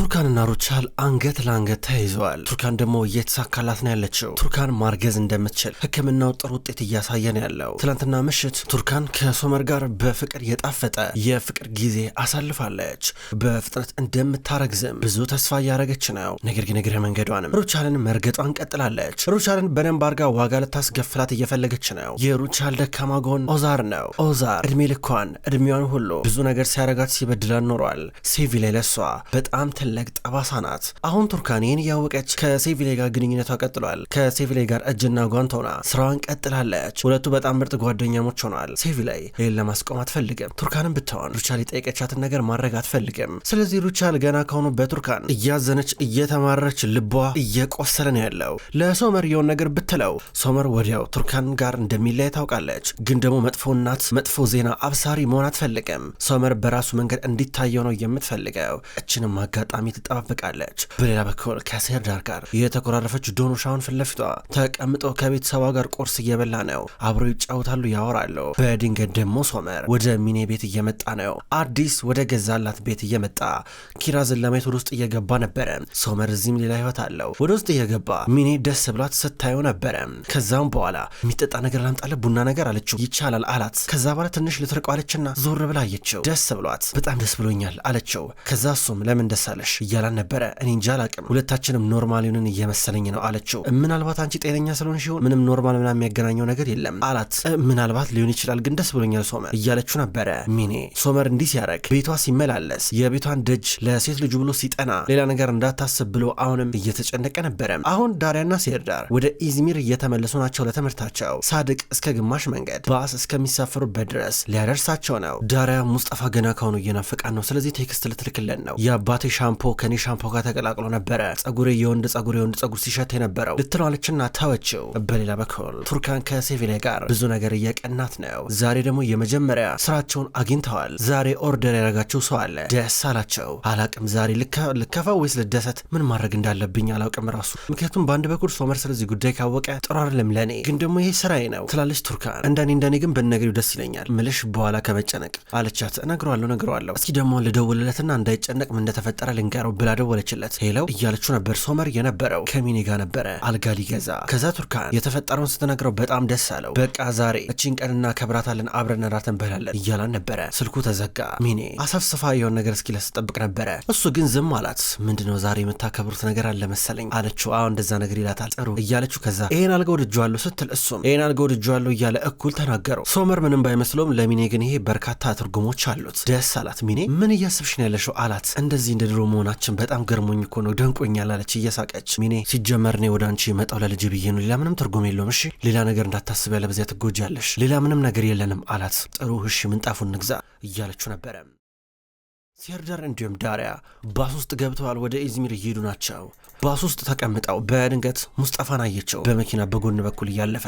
ቱርካንና ሩቻል አንገት ለአንገት ተያይዘዋል። ቱርካን ደግሞ እየተሳካላት ነው ያለችው። ቱርካን ማርገዝ እንደምትችል ሕክምናው ጥሩ ውጤት እያሳየ ነው ያለው። ትላንትና ምሽት ቱርካን ከሶመር ጋር በፍቅር የጣፈጠ የፍቅር ጊዜ አሳልፋለች። በፍጥነት እንደምታረግዝም ብዙ ተስፋ እያረገች ነው። ነገር ግን እግረ መንገዷንም ሩቻልን መርገጧን ቀጥላለች። ሩቻልን በደንብ አርጋ ዋጋ ልታስገፍላት እየፈለገች ነው። የሩቻል ደካማ ጎን ኦዛር ነው። ኦዛር እድሜ ልኳን እድሜዋን ሁሉ ብዙ ነገር ሲያረጋት ሲበድላን ኖሯል። ሴቪ ላይ ለሷ በጣም ትል የሚፈለግ ጠባሳ ናት። አሁን ቱርካን ይህን እያወቀች ከሴቪሌ ጋር ግንኙነቷ ቀጥሏል። ከሴቪሌ ጋር እጅና ጓንት ሆና ስራዋን ቀጥላለች። ሁለቱ በጣም ምርጥ ጓደኛሞች ሆኗል። ሴቪሌ ይህን ለማስቆም አትፈልግም። ቱርካንም ብትሆን ሩቻል የጠየቀቻትን ነገር ማድረግ አትፈልግም። ስለዚህ ሩቻል ገና ከሆኑ በቱርካን እያዘነች እየተማረች ልቧ እየቆሰለ ነው ያለው። ለሶመር የውን ነገር ብትለው ሶመር ወዲያው ቱርካን ጋር እንደሚለይ ታውቃለች። ግን ደግሞ መጥፎ እናት፣ መጥፎ ዜና አብሳሪ መሆን አትፈልግም። ሶመር በራሱ መንገድ እንዲታየው ነው የምትፈልገው። እችንም አጋጣሚ ፍጻሜ ትጠባበቃለች። በሌላ በኩል ከሴር ዳር ጋር የተኮራረፈች ዶኖሻውን ፊት ለፊቷ ተቀምጦ ከቤተሰቧ ጋር ቁርስ እየበላ ነው። አብረው ይጫወታሉ፣ ያወራሉ። በድንገት ደግሞ ሶመር ወደ ሚኔ ቤት እየመጣ ነው። አዲስ ወደ ገዛላት ቤት እየመጣ ኪራዝን ለማየት ወደ ውስጥ እየገባ ነበረ። ሶመር እዚህም ሌላ ህይወት አለው። ወደ ውስጥ እየገባ ሚኔ ደስ ብሏት ስታየው ነበረ። ከዛም በኋላ የሚጠጣ ነገር ላምጣለ ቡና ነገር አለችው። ይቻላል አላት። ከዛ በኋላ ትንሽ ልትርቀዋለችና ዞር ብላ አየችው። ደስ ብሏት በጣም ደስ ብሎኛል አለችው። ከዛ እሱም ለምን ደስ አለሽ ነሽ እያላን ነበረ። እኔ እንጃ አላቅም፣ ሁለታችንም ኖርማሊንን እየመሰለኝ ነው አለችው። ምናልባት አንቺ ጤነኛ ስለሆን ሲሆን ምንም ኖርማል ምና የሚያገናኘው ነገር የለም አላት። ምናልባት ሊሆን ይችላል፣ ግን ደስ ብሎኛል ሶመር እያለችው ነበረ። ሚኔ ሶመር እንዲህ ሲያረግ ቤቷ ሲመላለስ የቤቷን ደጅ ለሴት ልጁ ብሎ ሲጠና ሌላ ነገር እንዳታስብ ብሎ አሁንም እየተጨነቀ ነበረ። አሁን ዳሪያና ሴርዳር ወደ ኢዝሚር እየተመለሱ ናቸው ለትምህርታቸው። ሳድቅ እስከ ግማሽ መንገድ ባስ እስከሚሳፈሩበት ድረስ ሊያደርሳቸው ነው። ዳሪያ ሙስጠፋ ገና ከሆኑ እየናፈቃን ነው፣ ስለዚህ ቴክስት ልትልክለን ነው። የአባቴ ሻምፑ ሻምፖ ከኔ ሻምፖ ጋር ተቀላቅሎ ነበረ ጸጉሬ የወንድ ጸጉር የወንድ ጸጉር ሲሸት የነበረው ልትለዋለችና ተወችው። በሌላ በኩል ቱርካን ከሴቪላ ጋር ብዙ ነገር እየቀናት ነው። ዛሬ ደግሞ የመጀመሪያ ስራቸውን አግኝተዋል። ዛሬ ኦርደር ያደረጋቸው ሰው አለ። ደስ አላቸው። አላቅም ዛሬ ልከፋው ወይስ ልደሰት? ምን ማድረግ እንዳለብኝ አላውቅም ራሱ። ምክንያቱም በአንድ በኩል ሶመር ስለዚህ ጉዳይ ካወቀ ጥሩ አይደለም ለእኔ፣ ግን ደግሞ ይሄ ስራዬ ነው ትላለች ቱርካን። እንደኔ እንደኔ ግን በነገሪው ደስ ይለኛል ምልሽ በኋላ ከመጨነቅ አለቻት። እነግረዋለሁ እነግረዋለሁ። እስኪ ደግሞ ልደውልለትና እንዳይጨነቅ ምን እንደተፈጠረ ልንገረው ብላ ደወለችለት። ሄለው እያለችው ነበር። ሶመር የነበረው ከሚኔ ጋር ነበረ አልጋ ሊገዛ። ከዛ ቱርካን የተፈጠረውን ስትነግረው በጣም ደስ አለው። በቃ ዛሬ እቺን ቀንና ከብራታለን አብረን ራት እንበላለን እያላን ነበረ። ስልኩ ተዘጋ። ሚኔ አሳፍስፋ የሆን ነገር እስኪ ለስጠብቅ ነበረ። እሱ ግን ዝም አላት። ምንድነው ዛሬ የምታከብሩት ነገር አለ መሰለኝ አለችው። አሁ እንደዛ ነገር ይላታል ጥሩ እያለችው። ከዛ ይሄን አልጋ ወድጄዋለሁ ስትል እሱም ይሄን አልጋ ወድጄዋለሁ እያለ እኩል ተናገረው። ሶመር ምንም ባይመስለውም ለሚኔ ግን ይሄ በርካታ ትርጉሞች አሉት። ደስ አላት። ሚኔ ምን እያስብሽ ነው ያለሽው አላት። እንደዚህ እንደድሮ መሆናችን በጣም ገርሞኝ እኮ ነው ደንቆኛል አለች እየሳቀች ሚኔ ሲጀመር እኔ ወደ አንቺ የመጣው ለልጅ ብዬ ነው ሌላ ምንም ትርጉም የለውም እሺ ሌላ ነገር እንዳታስብ ያለበዚያ ትጎጃለሽ ሌላ ምንም ነገር የለንም አላት ጥሩ እሺ ምንጣፉን ንግዛ እያለችው ነበረ ሴርዳር እንዲሁም ዳሪያ ባስ ውስጥ ገብተዋል። ወደ ኢዝሚር እየሄዱ ናቸው። ባስ ውስጥ ተቀምጠው በድንገት ሙስጠፋን አየችው፣ በመኪና በጎን በኩል እያለፈ።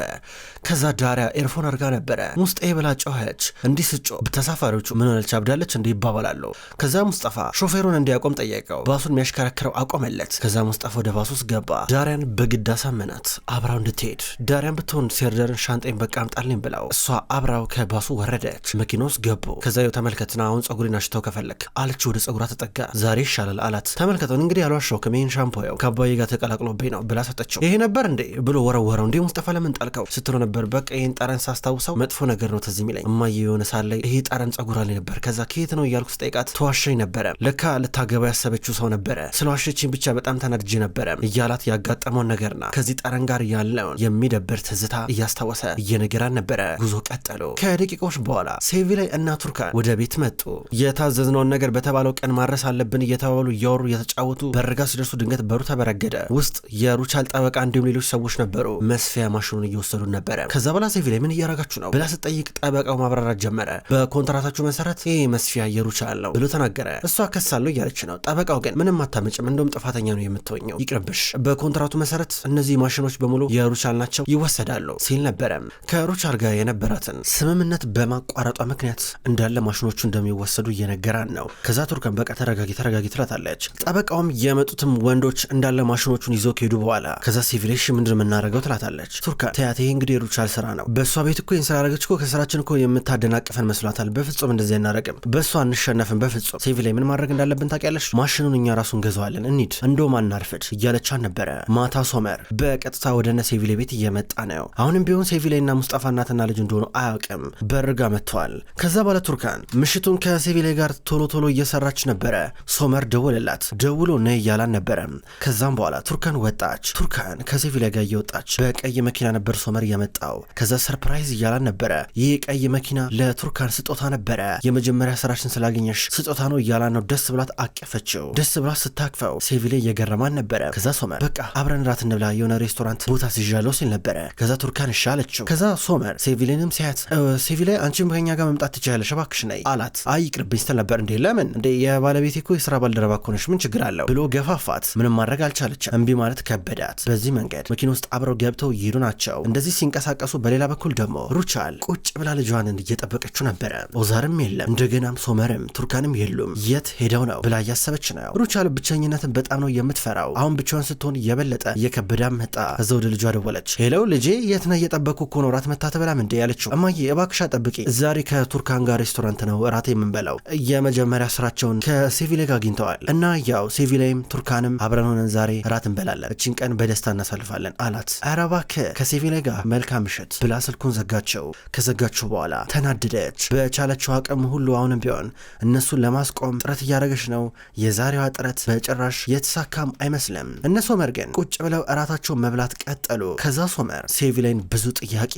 ከዛ ዳሪያ ኤርፎን አድርጋ ነበረ። ሙስጤ ብላ ጮኸች። እንዲህ ስጮ ተሳፋሪዎቹ ምን ሆነች አብዳለች እንዲ ይባባላሉ። ከዛ ሙስጠፋ ሾፌሩን እንዲያቆም ጠየቀው። ባሱን የሚያሽከረክረው አቆመለት። ከዛ ሙስጠፋ ወደ ባስ ውስጥ ገባ። ዳሪያን በግድ አሳመናት አብራው እንድትሄድ። ዳሪያን ብትሆን ሴርዳርን ሻንጤን በቃ አምጣልኝ ብለው እሷ አብራው ከባሱ ወረደች። መኪና ውስጥ ገቡ። ከዛ ተመልከትና አሁን ጸጉሪን አሽተው ከፈለግ አለች ወደ ጸጉሯ ተጠጋ። ዛሬ ይሻላል አላት። ተመልከተውን እንግዲህ ያሏሸው ከሜን ሻምፖ ያው ከአባዬ ጋር ተቀላቅሎብኝ ነው ብላ ሰጠችው። ይሄ ነበር እንዴ ብሎ ወረወረው። እንዴ ሙስጠፋ ለምን ጣልከው ስትሎ ነበር። በቃ ይህን ጠረን ሳስታውሰው መጥፎ ነገር ነው ትዝ የሚለኝ እማዬ የሆነ ሳለ ይሄ ጠረን ጸጉር ላይ ነበር። ከዛ ከየት ነው እያልኩ ስጠይቃት ተዋሸኝ ነበረ። ለካ ልታገባ ያሰበችው ሰው ነበረ። ስለዋሸችኝ ብቻ በጣም ተናድጄ ነበረ እያላት ያጋጠመውን ነገርና ከዚህ ጠረን ጋር ያለውን የሚደብር ትዝታ እያስታወሰ እየነገራን ነበረ። ጉዞ ቀጠሉ። ከደቂቃዎች በኋላ ሴቪ ላይ እና ቱርካን ወደ ቤት መጡ። የታዘዝነውን ነገር በተባለው ቀን ማድረስ አለብን እየተባሉ እያወሩ እየተጫወቱ በርጋ ሲደርሱ ድንገት በሩ ተበረገደ። ውስጥ የሩቻል ጠበቃ እንዲሁም ሌሎች ሰዎች ነበሩ። መስፊያ ማሽኑን እየወሰዱ ነበረ። ከዛ በኋላ ሴቪ ላይ ምን እያረጋችሁ ነው ብላ ስትጠይቅ ጠበቃው ማብራራት ጀመረ። በኮንትራታችሁ መሰረት ይህ መስፊያ የሩቻል ነው ብሎ ተናገረ። እሷ ከሳለሁ እያለች ነው። ጠበቃው ግን ምንም አታመጭም፣ እንደውም ጥፋተኛ ነው የምትወኘው፣ ይቅርብሽ። በኮንትራቱ መሰረት እነዚህ ማሽኖች በሙሉ የሩቻል ናቸው፣ ይወሰዳሉ ሲል ነበረ። ከሩቻል ጋር የነበራትን ስምምነት በማቋረጧ ምክንያት እንዳለ ማሽኖቹ እንደሚወሰዱ እየነገራን ነው። ከዛ ቱርካን በቃ ተረጋጊ ተረጋጊ ትላታለች። ጠበቃውም የመጡትም ወንዶች እንዳለ ማሽኖቹን ይዘው ከሄዱ በኋላ ከዛ ሲቪሌሽ ምንድን የምናደርገው ትላታለች። ቱርካን ተያት፣ ይሄ እንግዲህ የሩቻል ስራ ነው። በእሷ ቤት እኮ ይህን ስላደረገች እኮ ከስራችን እኮ የምታደናቅፈን መስሏታል። በፍጹም እንደዚህ አናረግም፣ በእሷ አንሸነፍም። በፍጹም ሲቪሌ ምን ማድረግ እንዳለብን ታውቂያለሽ። ማሽኑን እኛ ራሱ እንገዛዋለን፣ እንሂድ፣ እንደውም አናርፍድ እያለቻ ነበረ። ማታ ሶመር በቀጥታ ወደነ ሴቪሌ ቤት እየመጣ ነው። አሁንም ቢሆን ና ሙስጣፋ እናትና ልጅ እንደሆኑ አያውቅም። በርጋ መጥተዋል። ከዛ በኋላ ቱርካን ምሽቱን ከሴቪሌ ጋር ቶሎ ቶሎ እየሰራች ነበረ። ሶመር ደወለላት። ደውሎ ነይ እያላን ነበረ። ከዛም በኋላ ቱርካን ወጣች። ቱርካን ከሴቪላ ጋር እየወጣች በቀይ መኪና ነበር ሶመር እያመጣው። ከዛ ሰርፕራይዝ እያላን ነበረ። ይህ ቀይ መኪና ለቱርካን ስጦታ ነበረ። የመጀመሪያ ስራችን ስላገኘሽ ስጦታ ነው እያላን ነው። ደስ ብላት አቀፈችው። ደስ ብላት ስታቅፈው ሴቪላ እየገረማን ነበረ። ከዛ ሶመር በቃ አብረን ራት እንብላ የሆነ ሬስቶራንት ቦታ ሲዣለው ሲል ነበረ። ከዛ ቱርካን እሺ አለችው። ከዛ ሶመር ሴቪሌንም ሲያት ሴቪላ አንቺም ከኛ ጋር መምጣት ትችያለሽ እባክሽ ነይ አላት። አይ ይቅርብኝ ስትል ነበር እንዴ ለምን ለምን እንደ የባለቤቴ እኮ የስራ ባልደረባ እኮ ምን ችግር አለው ብሎ ገፋፋት። ምንም ማድረግ አልቻለች። እምቢ ማለት ከበዳት። በዚህ መንገድ መኪና ውስጥ አብረው ገብተው ይሄዱ ናቸው። እንደዚህ ሲንቀሳቀሱ፣ በሌላ በኩል ደግሞ ሩቻል ቁጭ ብላ ልጇን እየጠበቀችው ነበረ። ኦዛርም የለም እንደገናም ሶመርም ቱርካንም የሉም። የት ሄደው ነው ብላ እያሰበች ነው። ሩቻል ብቸኝነትን በጣም ነው የምትፈራው። አሁን ብቻዋን ስትሆን የበለጠ እየከበዳ መጣ። እዛ ወደ ልጇ ደወለች። ሄለው ልጄ የት ነህ? እየጠበኩ እኮ ነው። ራት መታተ በላም እንዴ ያለችው። እማዬ እባክሻ ጠብቂ፣ ዛሬ ከቱርካን ጋር ሬስቶራንት ነው እራት የምንበላው የመጀመሪያ የመጀመሪያ ስራቸውን ከሴቪላ ጋር አግኝተዋል እና ያው ሴቪላይም ቱርካንም አብረን ሆነን ዛሬ እራት እንበላለን፣ እችን ቀን በደስታ እናሳልፋለን አላት። ኧረ እባክህ ከሴቪላ ጋር መልካም ምሽት ብላ ስልኩን ዘጋቸው። ከዘጋችሁ በኋላ ተናደደች። በቻለችው አቅም ሁሉ አሁንም ቢሆን እነሱን ለማስቆም ጥረት እያደረገች ነው። የዛሬዋ ጥረት በጭራሽ የተሳካም አይመስልም። እነ ሶመር ግን ቁጭ ብለው እራታቸውን መብላት ቀጠሉ። ከዛ ሶመር ሴቪላይን ብዙ ጥያቄ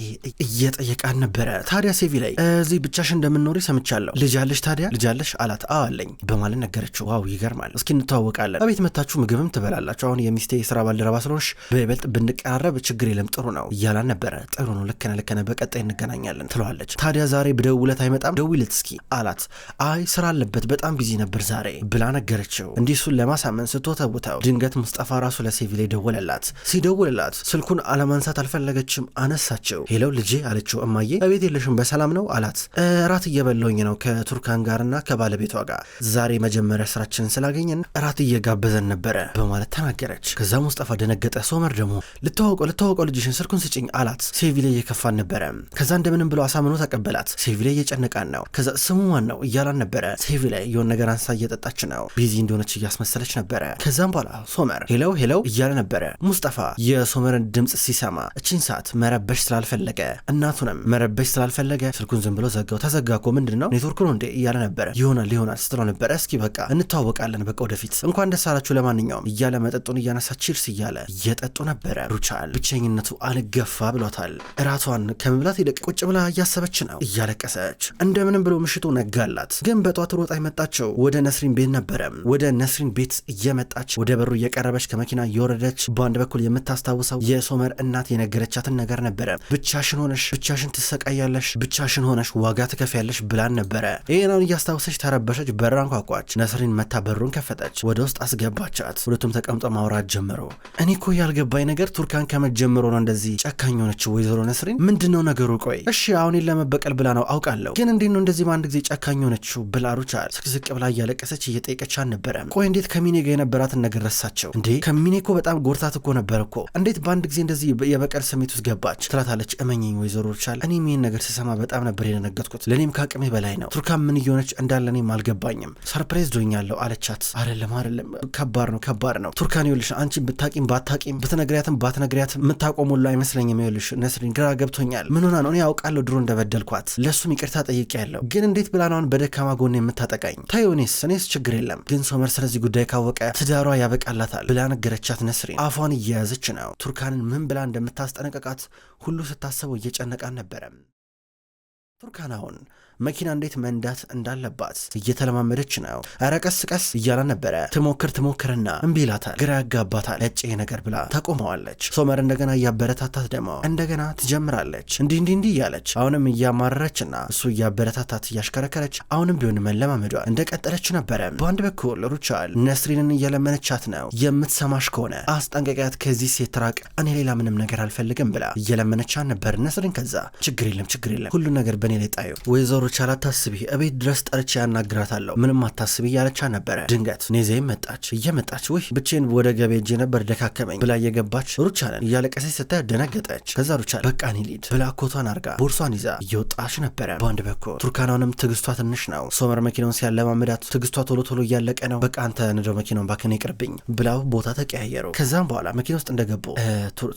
እየጠየቃን ነበረ። ታዲያ ሴቪላይ እዚህ ብቻሽ እንደምንኖር ሰምቻለሁ። ልጅ አለሽ? ታዲያ ልጅ አለሽ አላት። አለኝ በማለት ነገረችው። ዋው ይገርማል። እስኪ እንተዋወቃለን፣ አቤት መታችሁ ምግብም ትበላላችሁ። አሁን የሚስቴ የስራ ባልደረባ ስለሆንሽ በይበልጥ ብንቀራረብ ችግር የለም ጥሩ ነው እያላን ነበረ። ጥሩ ነው፣ ልክ ነህ፣ ልክ ነህ፣ በቀጣይ እንገናኛለን ትለዋለች። ታዲያ ዛሬ ብደውልለት አይመጣም? ደውይለት እስኪ አላት። አይ ስራ አለበት፣ በጣም ቢዚ ነበር ዛሬ ብላ ነገረችው። እንዲህ እሱን ለማሳመን ስትወተውተው ድንገት ሙስጠፋ ራሱ ለሴቪሌ ደወለላት። ሲደውልላት ስልኩን አለማንሳት አልፈለገችም። አነሳችው። ሄለው ልጄ አለችው። እማዬ እቤት የለሽም በሰላም ነው አላት። እራት እየበላሁኝ ነው ከቱርካን ጋርና ከባለቤቷ ዋጋ ዛሬ መጀመሪያ ስራችንን ስላገኘን እራት እየጋበዘን ነበረ በማለት ተናገረች። ከዛ ሙስጠፋ ደነገጠ። ሶመር ደግሞ ልታወቀው ልታወቀው ልጅሽን ስልኩን ስጭኝ አላት። ሴቪ ላይ እየከፋን ነበረ። ከዛ እንደምንም ብሎ አሳምኖ ተቀበላት። ሴቪ ላይ እየጨነቃን ነው። ከዛ ስሙ ማን ነው እያላን ነበረ። ሴቪ ላይ ነገር አንሳ እየጠጣች ነው። ቢዚ እንደሆነች እያስመሰለች ነበረ። ከዛም በኋላ ሶመር ሄለው ሄለው እያለ ነበረ። ሙስጠፋ የሶመርን ድምፅ ሲሰማ እችን ሰዓት መረበሽ ስላልፈለገ እናቱንም መረበሽ ስላልፈለገ ስልኩን ዝም ብሎ ዘጋው። ተዘጋ እኮ ምንድን ነው ኔትወርክ ነው እንዴ እያለ ነበረ። ይሆናል ይሆናል ይሆናል ስትለው ነበረ። እስኪ በቃ እንተዋወቃለን፣ በቃ ወደፊት እንኳን ደስ አላችሁ ለማንኛውም እያለ መጠጡን እያነሳ ቺርስ እያለ እየጠጡ ነበረ። ሩቻል ብቸኝነቱ አልገፋ ብሏታል። እራቷን ከመብላት ይልቅ ቁጭ ብላ እያሰበች ነው፣ እያለቀሰች እንደምንም ብሎ ምሽቱ ነጋላት። ግን በጧት ሮጣ የመጣቸው ወደ ነስሪን ቤት ነበረ። ወደ ነስሪን ቤት እየመጣች ወደ በሩ እየቀረበች ከመኪና እየወረደች በአንድ በኩል የምታስታውሰው የሶመር እናት የነገረቻትን ነገር ነበረ። ብቻሽን ሆነሽ ብቻሽን ትሰቃያለሽ፣ ብቻሽን ሆነሽ ዋጋ ትከፍያለሽ ብላን ነበረ። ይህናውን እያስታወሰች ተረበሸች። ልጅ በሩን አንኳኳች። ነስሪን መታ በሩን ከፈተች፣ ወደ ውስጥ አስገባቻት። ሁለቱም ተቀምጠው ማውራት ጀመሩ። እኔ እኮ ያልገባኝ ነገር ቱርካን ከመጀመሮ ነው እንደዚህ ጨካኝ ሆነች ወይዘሮ ነስሪን። ምንድን ነው ነገሩ? ቆይ እሺ አሁን ለመበቀል ብላ ነው አውቃለሁ፣ ግን እንዴት ነው እንደዚህ በአንድ ጊዜ ጨካኝ ሆነችው? ብላ ሩቻል ስቅስቅ ብላ እያለቀሰች እየጠየቀች አልነበረም። ቆይ እንዴት ከሚኔ ጋር የነበራትን ነገር ረሳቸው እንዴ? ከሚኔ እኮ በጣም ጎርታት እኮ ነበር እኮ እንዴት በአንድ ጊዜ እንደዚህ የበቀል ስሜት ውስጥ ገባች? ትላታለች። እመኝኝ ወይዘሮ ሩቻል፣ እኔም ይህን ነገር ስሰማ በጣም ነበር የደነገጥኩት። ለእኔም ከአቅሜ በላይ ነው። ቱርካን ምን እየሆነች እንዳለ እኔም አልገባ አልገባኝም፣ ሰርፕራይዝ ዶኛለሁ አለቻት። አደለም አደለም፣ ከባድ ነው ከባድ ነው ቱርካን። ይኸውልሽ አንቺ ብታቂም ባታቂም ብትነግሪያትም ባትነግሪያትም የምታቆሙሉ አይመስለኝም። ይኸውልሽ ነስሪን ግራ ገብቶኛል። ምን ሆና ነው? እኔ ያውቃለሁ ድሮ እንደበደልኳት፣ ለእሱም ይቅርታ ያለው ግን እንዴት ብላ ነው አሁን በደካማ ጎን የምታጠቃኝ? ታየው እኔስ እኔስ ችግር የለም ግን ሶመር ስለዚህ ጉዳይ ካወቀ ትዳሯ ያበቃላታል ብላ ነገረቻት። ነስሪን አፏን እየያዘች ነው። ቱርካንን ምን ብላ እንደምታስጠነቀቃት ሁሉ ስታሰበው እየጨነቃን ነበረም ቱርካን አሁን መኪና እንዴት መንዳት እንዳለባት እየተለማመደች ነው። ኧረ ቀስ ቀስ እያላ ነበረ። ትሞክር ትሞክርና እምቢ ይላታል፣ ግራ ያጋባታል። ነጭ ነገር ብላ ተቆመዋለች። ሶመር እንደገና እያበረታታት ደግሞ እንደገና ትጀምራለች። እንዲህ እንዲህ እንዲህ እያለች አሁንም እያማረረችና እሱ እያበረታታት እያሽከረከረች አሁንም ቢሆን መለማመዷን እንደቀጠለች ነበረ። በአንድ በኩል ሩቻል ነስሪንን እየለመነቻት ነው። የምትሰማሽ ከሆነ አስጠንቀቂያት፣ ከዚህ ሴት ትራቅ፣ እኔ ሌላ ምንም ነገር አልፈልግም ብላ እየለመነቻት ነበር። ነስሪን ከዛ ችግር የለም ችግር የለም ሁሉን ነገር በእኔ ላይ ጣዩ ወይዘሮ ነገሮች አላታስቢ፣ እቤት ድረስ ጠርቼ ያናግራታለሁ፣ ምንም አታስቢ እያለቻ ነበረ። ድንገት ኔዜም መጣች። እየመጣች ውይ ብቼን ወደ ገቤ ሄጄ ነበር ደካከመኝ ብላ እየገባች ሩቻለን እያለቀሰች ስታይ ደነገጠች። ከዛ ሩቻል በቃን ሊድ ብላ ኮቷን አርጋ ቦርሷን ይዛ እየወጣች ነበረ። በአንድ በኩል ቱርካናውንም ትግስቷ ትንሽ ነው። ሶመር መኪናውን ሲያለማምዳት ትግስቷ ቶሎ ቶሎ እያለቀ ነው። በቃ አንተ ንደው መኪናውን ባክን ይቅርብኝ ብላው ቦታ ተቀያየሩ። ከዛም በኋላ መኪና ውስጥ እንደገቡ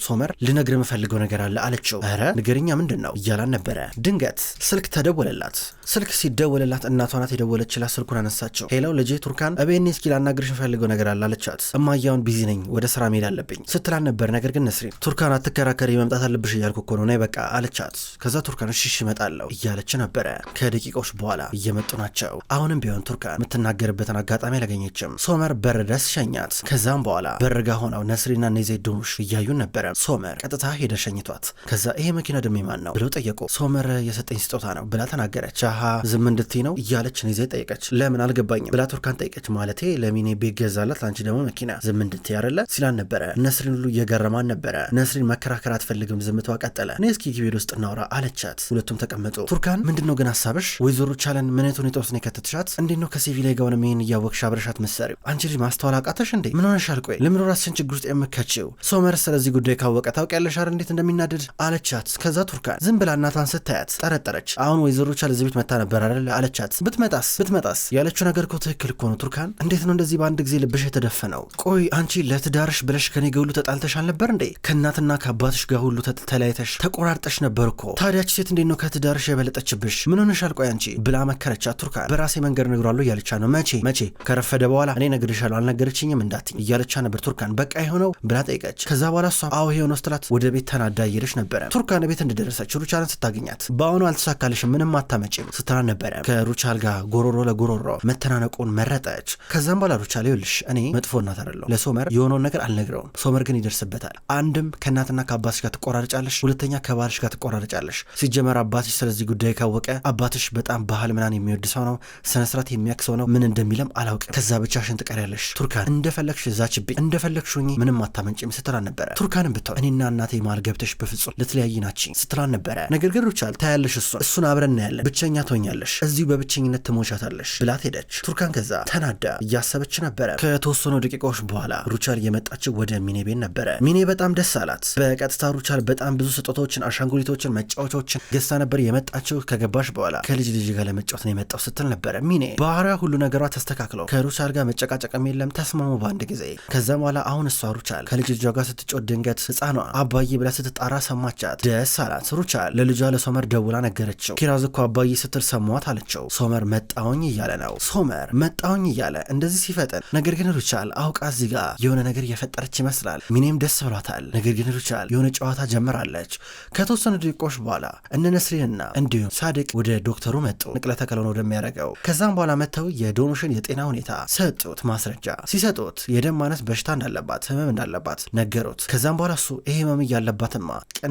ሶመር ልነግር የምፈልገው ነገር አለ አለችው። ኧረ ንገርኛ ምንድን ነው እያላን ነበረ። ድንገት ስልክ ተደወለላት። ስልክ ሲደወልላት እናቷ ናት የደወለችላት። ስልኩን አነሳቸው። ሄላው ልጄ ቱርካን እቤኔ እስኪ ላናግርሽ እፈልገው ነገር አለ አለቻት። እማያውን ቢዚ ነኝ ወደ ስራ መሄድ አለብኝ ስትላን ነበር። ነገር ግን ነስሪን ቱርካን አትከራከሪ መምጣት አለብሽ እያልኩ እኮ ነው ነይ በቃ አለቻት። ከዛ ቱርካን ሽሽ እመጣለሁ እያለች ነበረ። ከደቂቃዎች በኋላ እየመጡ ናቸው። አሁንም ቢሆን ቱርካን የምትናገርበትን አጋጣሚ አላገኘችም። ሶመር በር ድረስ ሸኛት። ከዛም በኋላ በርጋ ሆነው ነስሪና ነዘይ ድኑሽ እያዩን ነበረ። ሶመር ቀጥታ ሄደ ሸኝቷት። ከዛ ይሄ መኪና ድሜ ማን ነው ብለው ጠየቁ። ሶመር የሰጠኝ ስጦታ ነው ብላ ተናገረ። ጠየቀች። አሀ ዝም እንድትይ ነው እያለች እኔ ዘይ ጠየቀች። ለምን አልገባኝም ብላ ቱርካን ጠየቀች። ማለቴ ለሚኔ ቤት ገዛላት፣ አንቺ ደግሞ መኪና፣ ዝም እንድትይ አይደለ ሲላን ነበረ። ነስሪን ሁሉ እየገረማን ነበረ። ነስሪን መከራከር አትፈልግም፣ ዝምታዋ ቀጠለ። እኔ እስኪ ግቢ ውስጥ እናውራ አለቻት። ሁለቱም ተቀመጡ። ቱርካን ምንድን ነው ግን ሀሳብሽ? ወይዘሮ ቻለን ምን አይነት ሁኔታ ውስጥ ነው የከተትሻት? እንዴት ነው ከሲቪ ላይ ጋውንም ይህን እያወቅሽ አብረሻት መሰሪው? አንቺ ልጅ ማስተዋል አቃተሽ እንዴ? ምን ሆነሻል? ቆይ ለምን ራስሽን ችግር ውስጥ የምከችው? ሶመር ስለዚህ ጉዳይ ካወቀ ታውቂያለሽ አይደል እንዴት እንደሚናደድ አለቻት። ከዛ ቱርካን ዝም ብላ እናቷን ስታያት ጠረጠረች። አሁን ወይዘሮ ቻለ እዚህ ቤት መታ ነበር አይደል አለቻት። ብትመጣስ ብትመጣስ ያለችው ነገር እኮ ትክክል እኮ ነው ቱርካን። እንዴት ነው እንደዚህ በአንድ ጊዜ ልብሽ የተደፈነው? ቆይ አንቺ ለትዳርሽ ብለሽ ከኔ ጋር ሁሉ ተጣልተሽ አልነበር እንዴ? ከእናትና ከአባትሽ ጋር ሁሉ ተለያይተሽ ተቆራርጠሽ ነበር እኮ። ታዲያች ሴት እንዴት ነው ከትዳርሽ የበለጠችብሽ? ምን ሆነሻል? ቆይ አንቺ ብላ መከረቻት ቱርካን። በራሴ መንገድ እነግሯለሁ እያለቻ ነው። መቼ መቼ? ከረፈደ በኋላ እኔ እነግርሻለሁ አልነገረችኝም እንዳትኝ እያለቻ ነበር ቱርካን። በቃ የሆነው ብላ ጠይቀች። ከዛ በኋላ እሷ አዎ የሆነው ስትላት ወደ ቤት ተናዳ እየሄደች ነበረ። ቱርካን ቤት እንደደረሰች ሩቻንን ስታገኛት በአሁኑ አልተሳካልሽም ምንም አታመ አትመጭም ስትላ ነበረ። ከሩቻል ጋር ጎሮሮ ለጎሮሮ መተናነቁን መረጠች። ከዛም በኋላ ሩቻል ይኸውልሽ እኔ መጥፎ እናት አይደለሁም። ለሶመር የሆነውን ነገር አልነግረውም። ሶመር ግን ይደርስበታል። አንድም ከእናትና ከአባትሽ ጋር ትቆራርጫለሽ፣ ሁለተኛ ከባልሽ ጋር ትቆራርጫለሽ። ሲጀመር አባትሽ ስለዚህ ጉዳይ ካወቀ አባትሽ በጣም ባህል ምናን የሚወድ ሰው ነው፣ ስነስርዓት የሚያክ ሰው ነው። ምን እንደሚለም አላውቅም። ከዛ ብቻሽን ትቀሪያለሽ። ቱርካን እንደፈለግሽ ዛችብኝ፣ እንደፈለግሽ ሁኚ፣ ምንም አታመንጭም ስትላን ነበረ። ቱርካንም ብትሆን እኔና እናቴ መሃል ገብተሽ በፍጹም ልትለያይ ናችኝ ስትላን ነበረ። ነገር ግን ሩቻል ታያለሽ፣ እሱን እሱን አብረን እናያለን ብቸኛ ትሆኛለሽ፣ እዚሁ በብቸኝነት ትሞቻታለሽ ብላት ሄደች። ቱርካን ከዛ ተናዳ እያሰበች ነበረ። ከተወሰኑ ደቂቃዎች በኋላ ሩቻል የመጣችው ወደ ሚኔ ቤት ነበረ። ሚኔ በጣም ደስ አላት። በቀጥታ ሩቻል በጣም ብዙ ስጦታዎችን፣ አሻንጉሊቶችን፣ መጫወቻዎችን ገዝታ ነበር የመጣችው። ከገባሽ በኋላ ከልጅ ልጅ ጋር ለመጫወት ነው የመጣው ስትል ነበረ። ሚኔ ባህሪያ ሁሉ ነገሯ ተስተካክለው ከሩቻል ጋር መጨቃጨቅም የለም ተስማሙ በአንድ ጊዜ። ከዛ በኋላ አሁን እሷ ሩቻል ከልጅ ልጇ ጋር ስትጮት ድንገት ህፃኗ አባዬ ብላ ስትጣራ ሰማቻት። ደስ አላት። ሩቻል ለልጇ ለሶመር ደውላ ነገረችው። ኪራዝ እኮ አባ አባዬ ስትል ሰሟት አለችው። ሶመር መጣውኝ እያለ ነው። ሶመር መጣውኝ እያለ እንደዚህ ሲፈጥን፣ ነገር ግን ሩቻል አውቃ እዚህ ጋ የሆነ ነገር እየፈጠረች ይመስላል። ሚኔም ደስ ብሏታል። ነገር ግን ሩቻል የሆነ ጨዋታ ጀምራለች። ከተወሰኑ ደቂቆች በኋላ እነ ነስሪንና እንዲሁም ሳድቅ ወደ ዶክተሩ መጡ፣ ንቅለ ተከላውን ወደሚያደርገው። ከዛም በኋላ መጥተው የዶኖሽን የጤና ሁኔታ ሰጡት ማስረጃ። ሲሰጡት የደም ማነት በሽታ እንዳለባት ህመም እንዳለባት ነገሩት። ከዛም በኋላ እሱ ይሄ ህመም እያለባትማ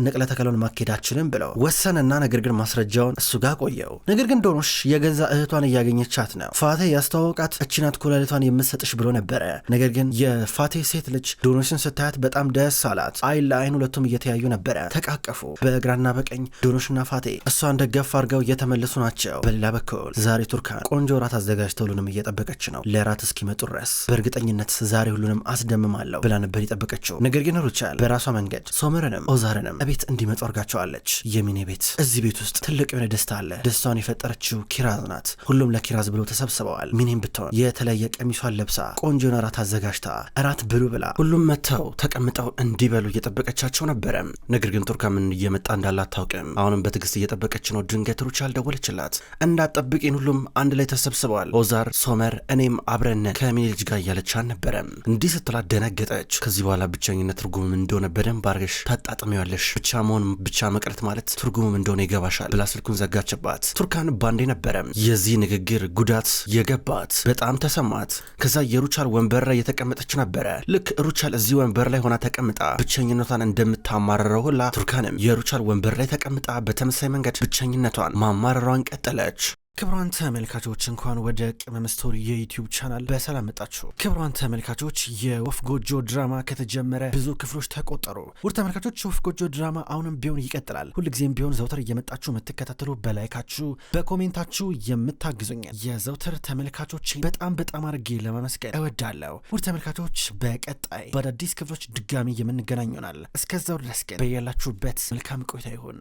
ንቅለ ተከላውን ማካሄድ አችልም ብለው ወሰነና ነገር ግን ማስረጃውን እሱ ጋር ቆየ። ቆየው። ነገር ግን ዶኖሽ የገዛ እህቷን እያገኘቻት ነው። ፋቴ ያስተዋወቃት እችናት ኩላሊቷን የምትሰጥሽ ብሎ ነበረ። ነገር ግን የፋቴ ሴት ልጅ ዶኖሽን ስታያት በጣም ደስ አላት። አይን ለአይን ሁለቱም እየተያዩ ነበረ፣ ተቃቀፉ። በግራና በቀኝ ዶኖሽና ፋቴ እሷን ደገፍ አድርገው እየተመለሱ ናቸው። በሌላ በኩል ዛሬ ቱርካን ቆንጆ ራት አዘጋጅተው ሁሉንም እየጠበቀች ነው። ለራት እስኪመጡ ድረስ በእርግጠኝነት ዛሬ ሁሉንም አስደምማለሁ ብላ ነበር የጠበቀችው። ነገር ግን ሩቻል በራሷ መንገድ ሶመርንም ኦዛርንም ቤት እንዲመጡ አድርጋቸዋለች። የሚኔ ቤት እዚህ ቤት ውስጥ ትልቅ የሆነ ደስታ አለ። ደስታውን የፈጠረችው ኪራዝ ናት። ሁሉም ለኪራዝ ብለው ተሰብስበዋል። ሚኒም ብትሆን የተለየ ቀሚሷን ለብሳ ቆንጆን የሆነ እራት አዘጋጅታ እራት ብሉ ብላ ሁሉም መጥተው ተቀምጠው እንዲበሉ እየጠበቀቻቸው ነበረ። ነገር ግን ቱርካ ምን እየመጣ እንዳለ አታውቅም። አሁንም በትዕግስት እየጠበቀች ነው። ድንገት ሩቻል ደወለችላት። ሁሉም አንድ ላይ ተሰብስበዋል። ኦዛር፣ ሶመር፣ እኔም አብረነን ከሚኒ ልጅ ጋር እያለች አልነበረም። እንዲህ ስትላት ደነገጠች። ከዚህ በኋላ ብቸኝነት ትርጉምም እንደሆነ በደንብ አርገሽ ታጣጥሚዋለሽ። ብቻ መሆን ብቻ መቅረት ማለት ትርጉምም እንደሆነ ይገባሻል ብላ ስልኩን ዘጋችባት። አላት። ቱርካን ባንዴ ነበረ የዚህ ንግግር ጉዳት የገባት፣ በጣም ተሰማት። ከዛ የሩቻል ወንበር ላይ የተቀመጠች ነበረ። ልክ ሩቻል እዚህ ወንበር ላይ ሆና ተቀምጣ ብቸኝነቷን እንደምታማረረው ሁላ ቱርካንም የሩቻል ወንበር ላይ ተቀምጣ በተመሳሳይ መንገድ ብቸኝነቷን ማማረሯን ቀጠለች። ክብሯን ተመልካቾች እንኳን ወደ ቅመም ስቶሪ የዩቲዩብ ቻናል በሰላም መጣችሁ። ክብሯን ተመልካቾች የወፍ ጎጆ ድራማ ከተጀመረ ብዙ ክፍሎች ተቆጠሩ። ውድ ተመልካቾች ወፍ ጎጆ ድራማ አሁንም ቢሆን ይቀጥላል። ሁልጊዜም ቢሆን ዘውትር እየመጣችሁ የምትከታተሉ በላይካችሁ፣ በኮሜንታችሁ የምታግዙኝ የዘውትር ተመልካቾች በጣም በጣም አድርጌ ለማመስገን እወዳለሁ። ውድ ተመልካቾች በቀጣይ በአዳዲስ ክፍሎች ድጋሚ የምንገናኝ ይሆናል። እስከዛው ድረስ ግን በያላችሁበት መልካም ቆይታ ይሁን።